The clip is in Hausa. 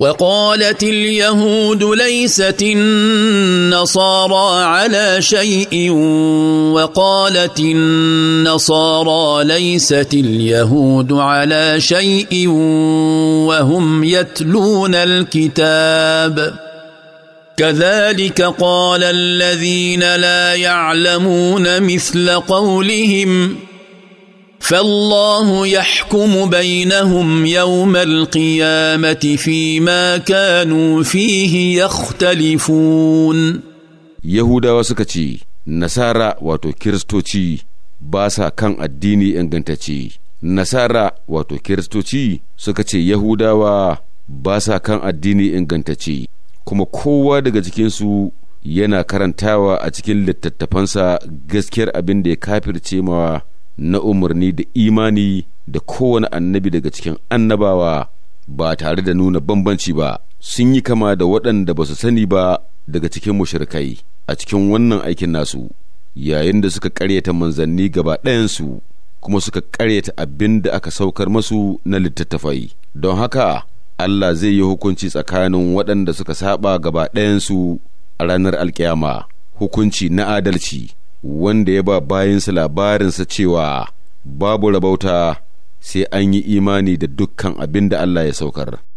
وقالت اليهود ليست النصارى على شيء وقالت النصارى ليست اليهود على شيء وهم يتلون الكتاب كذلك قال الذين لا يعلمون مثل قولهم فالله يحكم بينهم يوم القيامه فيما كانوا فيه يختلفون yahudawa suka ce nasara wato kiristoci ba sa kan addini ingantacce nasara wato kiristoci suka ce yahudawa ba sa kan addini ingantacce kuma kowa daga cikinsu yana karantawa a cikin littattafansa gaskiyar abin da ya kafirce mawa na umarni da imani da kowane annabi daga cikin annabawa ba tare da nuna bambanci ba sun yi kama da waɗanda ba su sani ba daga cikin mushirkai a cikin wannan aikin nasu yayin da suka ƙaryata manzanni gaba ɗayansu kuma suka ƙaryata abin da aka saukar masu na littattafai don haka Allah zai yi hukunci tsakanin waɗanda suka saba gaba ɗayansu a ranar alkiyama hukunci na adalci wanda ya ba bayansa labarinsa cewa babu rabauta sai an yi imani da dukkan abin da Allah ya saukar.